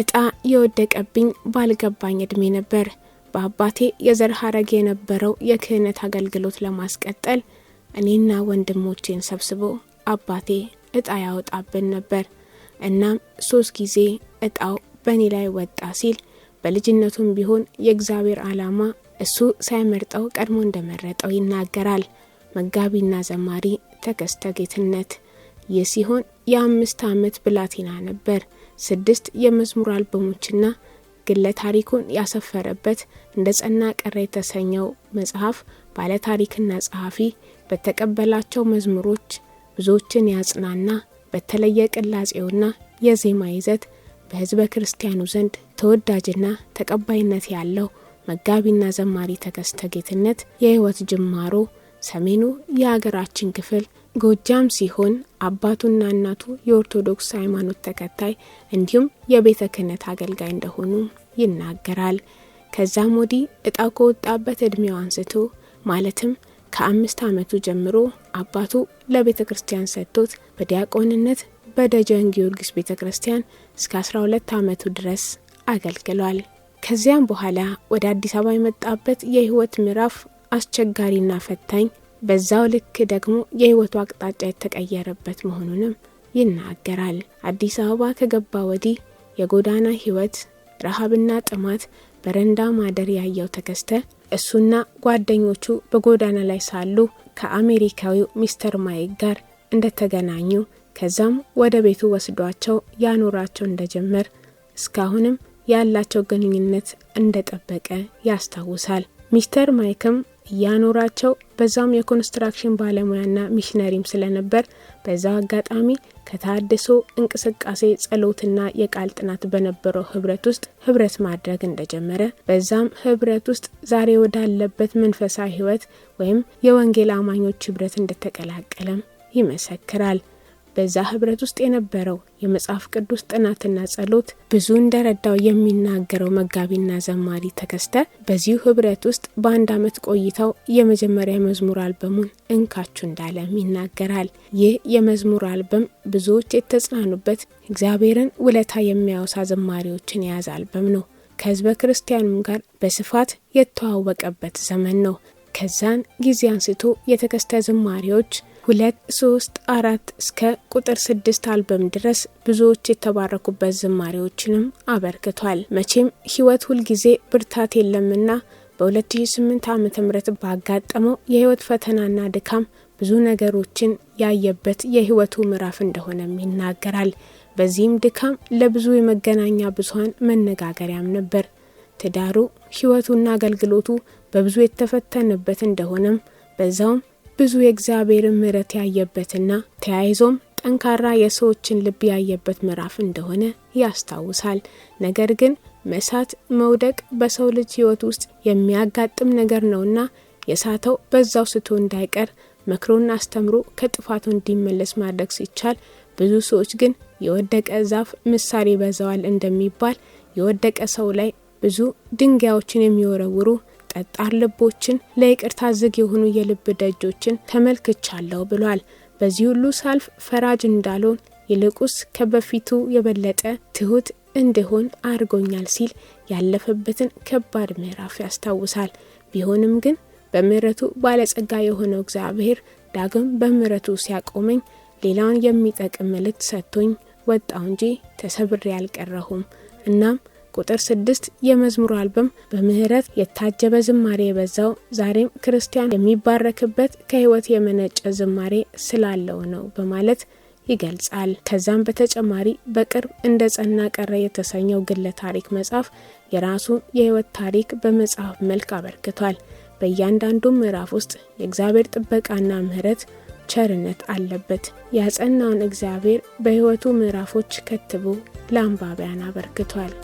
እጣ የወደቀብኝ ባልገባኝ እድሜ ነበር። በአባቴ የዘር ሀረግ የነበረው የክህነት አገልግሎት ለማስቀጠል እኔና ወንድሞቼን ሰብስቦ አባቴ እጣ ያወጣብን ነበር። እናም ሶስት ጊዜ እጣው በእኔ ላይ ወጣ ሲል በልጅነቱም ቢሆን የእግዚአብሔር ዓላማ እሱ ሳይመርጠው ቀድሞ እንደመረጠው ይናገራል። መጋቢና ዘማሪ ተከስተ ጌትነት ይህ ሲሆን የአምስት ዓመት ብላቴና ነበር። ስድስት የመዝሙር አልበሞችና ግለ ታሪኩን ያሰፈረበት እንደ ጸና ቀረ የተሰኘው መጽሐፍ ባለ ታሪክና ጸሐፊ በተቀበላቸው መዝሙሮች ብዙዎችን ያጽናና በተለየ ቅላጼውና የዜማ ይዘት በሕዝበ ክርስቲያኑ ዘንድ ተወዳጅና ተቀባይነት ያለው መጋቢና ዘማሪ ተከስተ ጌትነት የሕይወት ጅማሮ ሰሜኑ የሀገራችን ክፍል ጎጃም ሲሆን አባቱና እናቱ የኦርቶዶክስ ሃይማኖት ተከታይ እንዲሁም የቤተ ክህነት አገልጋይ እንደሆኑ ይናገራል። ከዛም ወዲህ እጣው ከወጣበት እድሜው አንስቶ ማለትም ከአምስት ዓመቱ ጀምሮ አባቱ ለቤተ ክርስቲያን ሰጥቶት በዲያቆንነት በደጀን ጊዮርጊስ ቤተ ክርስቲያን እስከ 12 ዓመቱ ድረስ አገልግሏል። ከዚያም በኋላ ወደ አዲስ አበባ የመጣበት የህይወት ምዕራፍ አስቸጋሪና ፈታኝ በዛው ልክ ደግሞ የህይወቱ አቅጣጫ የተቀየረበት መሆኑንም ይናገራል። አዲስ አበባ ከገባ ወዲህ የጎዳና ህይወት፣ ረሃብና ጥማት በረንዳ ማደር ያየው ተከስተ እሱና ጓደኞቹ በጎዳና ላይ ሳሉ ከአሜሪካዊው ሚስተር ማይክ ጋር እንደተገናኙ ከዛም ወደ ቤቱ ወስዷቸው ያኖራቸው እንደጀመር እስካሁንም ያላቸው ግንኙነት እንደጠበቀ ያስታውሳል። ሚስተር ማይክም እያኖራቸው በዛም የኮንስትራክሽን ባለሙያና ሚሽነሪም ስለነበር በዛ አጋጣሚ ከታድሶ እንቅስቃሴ ጸሎትና የቃል ጥናት በነበረው ህብረት ውስጥ ህብረት ማድረግ እንደጀመረ በዛም ህብረት ውስጥ ዛሬ ወዳለበት መንፈሳዊ ህይወት ወይም የወንጌል አማኞች ህብረት እንደተቀላቀለም ይመሰክራል። በዛ ህብረት ውስጥ የነበረው የመጽሐፍ ቅዱስ ጥናትና ጸሎት ብዙ እንደረዳው የሚናገረው መጋቢና ዘማሪ ተከስተ በዚሁ ህብረት ውስጥ በአንድ ዓመት ቆይታው የመጀመሪያ መዝሙር አልበሙን እንካቹ እንዳለም ይናገራል። ይህ የመዝሙር አልበም ብዙዎች የተጽናኑበት እግዚአብሔርን ውለታ የሚያወሳ ዘማሪዎችን የያዘ አልበም ነው። ከህዝበ ክርስቲያኑም ጋር በስፋት የተዋወቀበት ዘመን ነው። ከዛን ጊዜ አንስቶ የተከስተ ዝማሪዎች ሁለት ሶስት አራት እስከ ቁጥር ስድስት አልበም ድረስ ብዙዎች የተባረኩበት ዝማሬዎችንም አበርክቷል። መቼም ህይወት ሁልጊዜ ብርታት የለምና በ2008 ዓ ም ባጋጠመው የህይወት ፈተናና ድካም ብዙ ነገሮችን ያየበት የህይወቱ ምዕራፍ እንደሆነም ይናገራል። በዚህም ድካም ለብዙ የመገናኛ ብዙሀን መነጋገሪያም ነበር። ትዳሩ፣ ህይወቱና አገልግሎቱ በብዙ የተፈተነበት እንደሆነም በዛውም ብዙ የእግዚአብሔር ምሕረት ያየበትና ተያይዞም ጠንካራ የሰዎችን ልብ ያየበት ምዕራፍ እንደሆነ ያስታውሳል። ነገር ግን መሳት መውደቅ በሰው ልጅ ሕይወት ውስጥ የሚያጋጥም ነገር ነውና የሳተው በዛው ስቶ እንዳይቀር መክሮና አስተምሮ ከጥፋቱ እንዲመለስ ማድረግ ሲቻል፣ ብዙ ሰዎች ግን የወደቀ ዛፍ ምሳሌ ይበዛዋል እንደሚባል የወደቀ ሰው ላይ ብዙ ድንጋዮችን የሚወረውሩ ጠጣር ልቦችን፣ ለይቅርታ ዝግ የሆኑ የልብ ደጆችን ተመልክቻለሁ ብሏል። በዚህ ሁሉ ሳልፍ ፈራጅ እንዳልሆን ይልቁስ ከበፊቱ የበለጠ ትሁት እንደሆን አድርጎኛል ሲል ያለፈበትን ከባድ ምዕራፍ ያስታውሳል። ቢሆንም ግን በምረቱ ባለጸጋ የሆነው እግዚአብሔር ዳግም በምረቱ ሲያቆመኝ ሌላውን የሚጠቅም መልእክት ሰጥቶኝ ወጣው እንጂ ተሰብሬ አልቀረሁም። እናም ቁጥር ስድስት የመዝሙር አልበም በምህረት የታጀበ ዝማሬ የበዛው ዛሬም ክርስቲያን የሚባረክበት ከህይወት የመነጨ ዝማሬ ስላለው ነው በማለት ይገልጻል። ከዛም በተጨማሪ በቅርብ እንደ ጸና ቀረ የተሰኘው ግለ ታሪክ መጽሐፍ የራሱ የህይወት ታሪክ በመጽሐፍ መልክ አበርክቷል። በእያንዳንዱ ምዕራፍ ውስጥ የእግዚአብሔር ጥበቃና ምህረት ቸርነት አለበት። ያጸናውን እግዚአብሔር በህይወቱ ምዕራፎች ከትቦ ለአንባቢያን አበርክቷል።